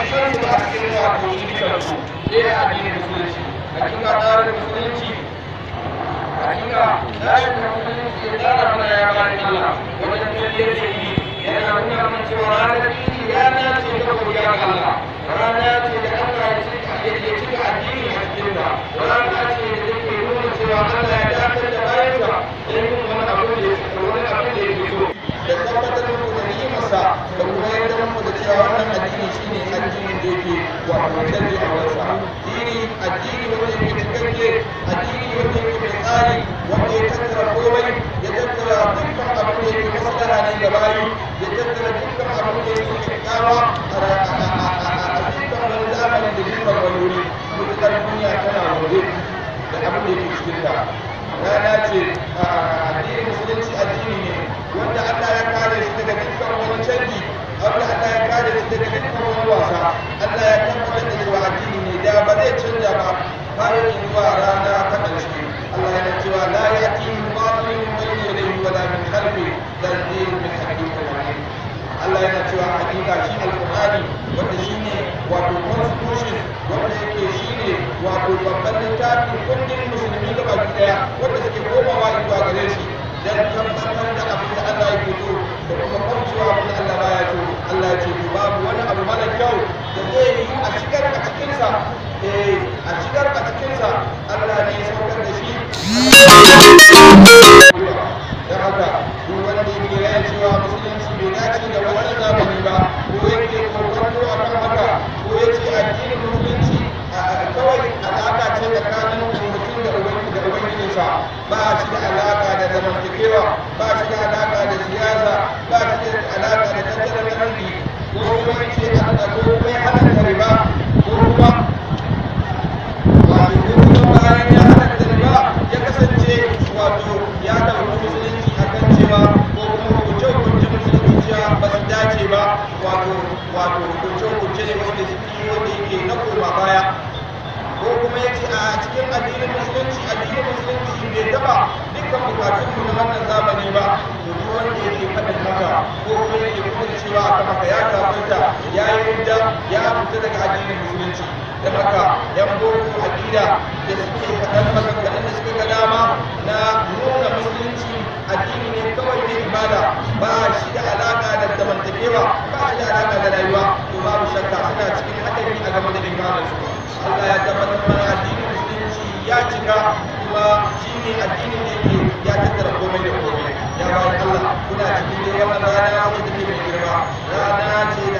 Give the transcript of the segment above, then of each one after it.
kuma shirin da aka yi wa domin musulunci musulunci ya bani da yi yana nuna mana cewa ce ta da Allah ya ya cikin ce da nuna da bayi ya tattara dukkan abin da yake a cikin wani da wani mutukar duniya tana waje da abin da cikin ta rana ce a addinin musulunci addini ne wanda Allah ya kare shi daga dukkan wani canji wanda Allah ya kare shi daga dukkan wani wasa Allah ya tabbatar da cewa addini ne da ba zai canja ba har zuwa rana ta ƙarshe Allah cewa la ولا من خلفه تنزيل من حكيم حميد الله yana cewa hakika shi alkur'ani wanda shi ne babban littafin kundin musulmi da baki daya wanda suke komawa zuwa gare shi dan da abin da Allah yake so da kuma kaucewa abin da Allah baya Allah ya ce babu wani abu mara kyau da zai yi a shigar a cikinsa eh a shigar a cikinsa ya yi ya fita daga addinin musulunci dan haka yan boko aƙida da suke maka kadan da suka kadama dama na nuna musulunci addini ne kawai na ibada ba shi da alaƙa da zamantakewa ba shi da alaƙa da rayuwa to babu shakka suna cikin haɗari a game da su Allah ya tabbatar mana addinin musulunci ya cika kuma shi ne addinin da yake ya tattara komai da komai ya bayan Allah kuna cikin dai wannan rana wacce take mai girma rana ce da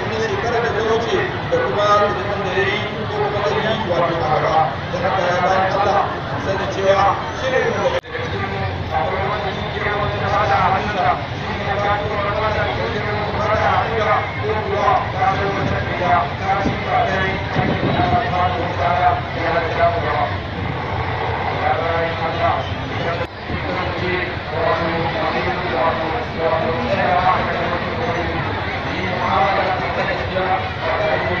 da zan da ya yi lokaci wato a gaba da haka ya bayan Allah sai da cewa shi ne kuma daga cikin akwai wani girma wata da hada hannunsa shi ne ka kuma wata da girma wata da hannunsa ko kuwa ta zo wata da ta ci ba dai ta ci ba ta ba ko ta ya ya da ta ba ya bayan Allah Thank you.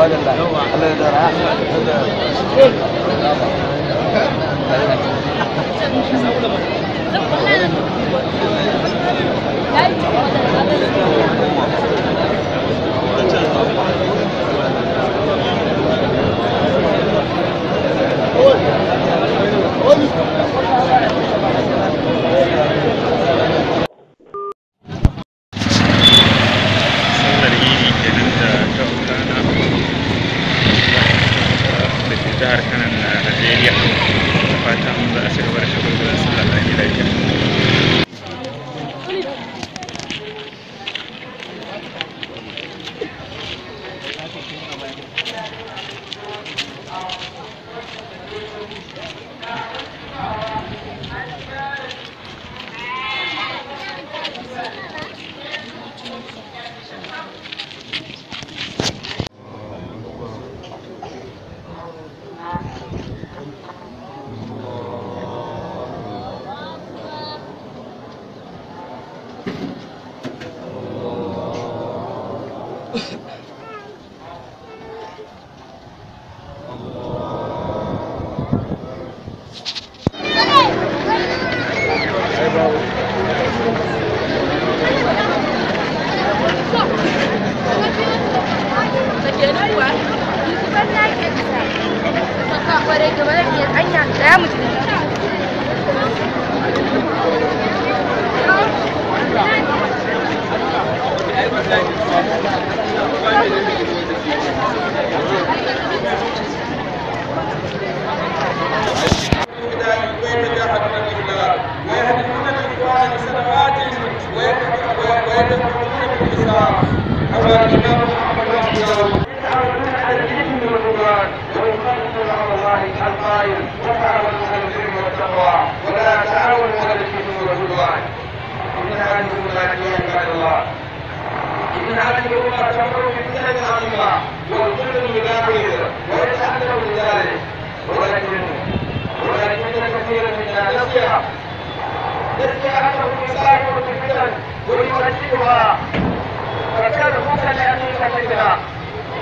ولا لا الله يدار Good. Allah kwarai gaba zan iya hanya tsaya musulmi ويدخلون بالإسلام أما الإمام محمد رضي الله الخير وتعاونوا على البر والتقوى الله ان هذه الامه تمر بفتنه عظيمه والكل ولكن ولكن كثيرا منا نسي نسي انه يسارع في الفتن ويؤجلها فكان الفتن ياتيك كثيرا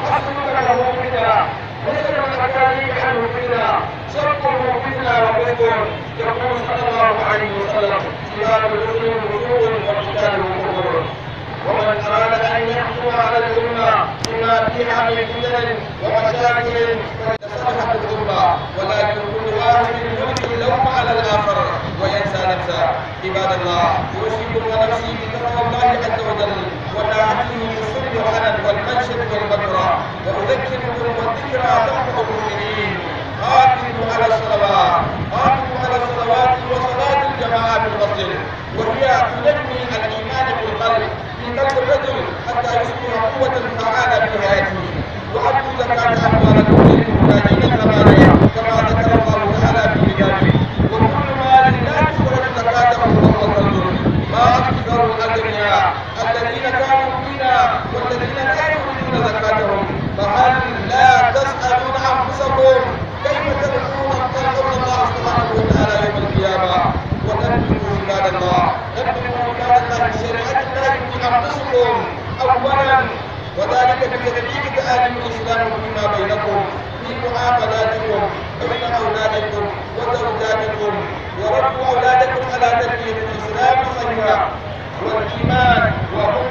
حسبك له فتنه ليس اكاذيب عنه فتنه شقه فتنه وكفر يقول صلى الله عليه وسلم ثياب الاسلم وجوه والقتال كفر ومن اراد ان يحكم على الامه بما فيها من فتن ومشاكل فلتصرف الامه ولكن كل واحد يلقي اللوم على الاخر وينسى نفسه عباد الله يوصيكم ونفسي بتقوى الله عز وجل ونعلي بالسر غدا والمنشد والبكرى واذكركم والذكرى تنفع المؤمنين قاتلوا على الصلوات قاتلوا على الصلوات وصلاه الجماعه بالمسجد وهي تنمي الايمان بالقلب في قلب الرجل حتى يصبح قوه فعاله في حياته وحبوا زكاه اموالكم للمحتاجين كما وذلك بتدريج تعاليم الإسلام فيما بينكم في معاملاتكم بين أولادكم وزوجاتكم ورب أولادكم على تدبير الإسلام صحيحة والإيمان وهو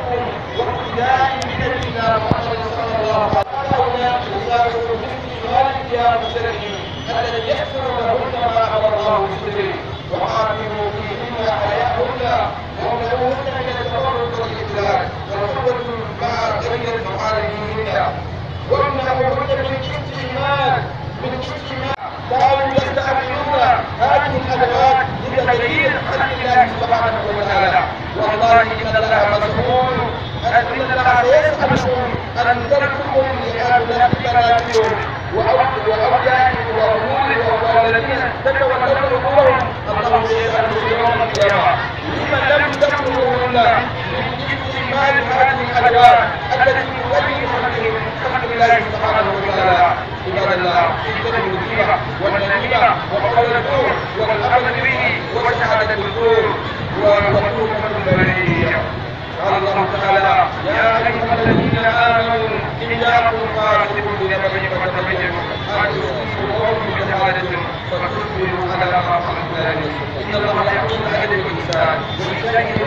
بالله سبحانه وتعالى عباد الله سلطة المثيرة والنميرة وقول الدور والعمل به وشهادة الدور والمطلوب من المنيع قال الله تعالى يا أيها الذين آمنوا إن جاءكم فاسق بنبأ فتبينوا أن تصيبوا قوم بجهالة فتصبحوا على ما فعلتم إن الله لا يحب أهل الإنسان وبالشيء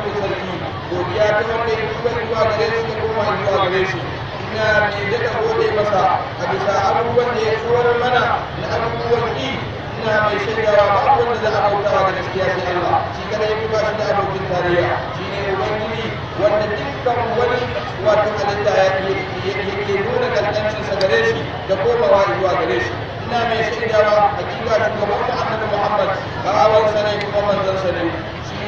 godiya ta wanda ya duba zuwa gare shi da koma zuwa gare shi ina mai daga gode masa a bisa abubuwan da ya tsoron mana na abubuwan yi ina mai shaidawa ba wanda za a bauta wa gaskiya sai Allah shi kada ya duba shi da abokin tarayya shi ne ubangiji wanda dukkan wani wato halitta ya ke nuna kankancinsa gare shi da komawa zuwa gare shi ina mai shaidawa hakika shugaban mu annabi Muhammad ba awan sanai kuma manzon sanai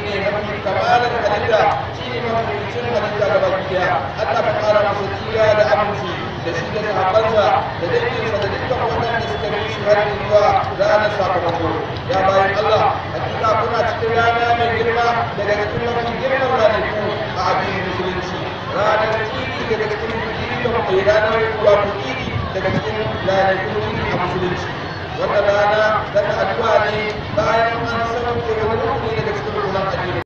shine mafi kamalar halitta shine mafi cin halitta gaba daya Allah ka kara masa jira da aminci da shi da sahabbansa da danginsa da dukkan waɗanda suka bi shi har zuwa ranar sakamako ya bayan Allah hakika kuna cikin rana mai girma daga cikin mafi girman ranaku a addinin musulunci ranar tiri daga cikin tiri da kuma ranar wato tiri daga cikin ranakun a musulunci wata rana ta addu'a ne bayan an sauke wani rukuni daga cikin rukunan addini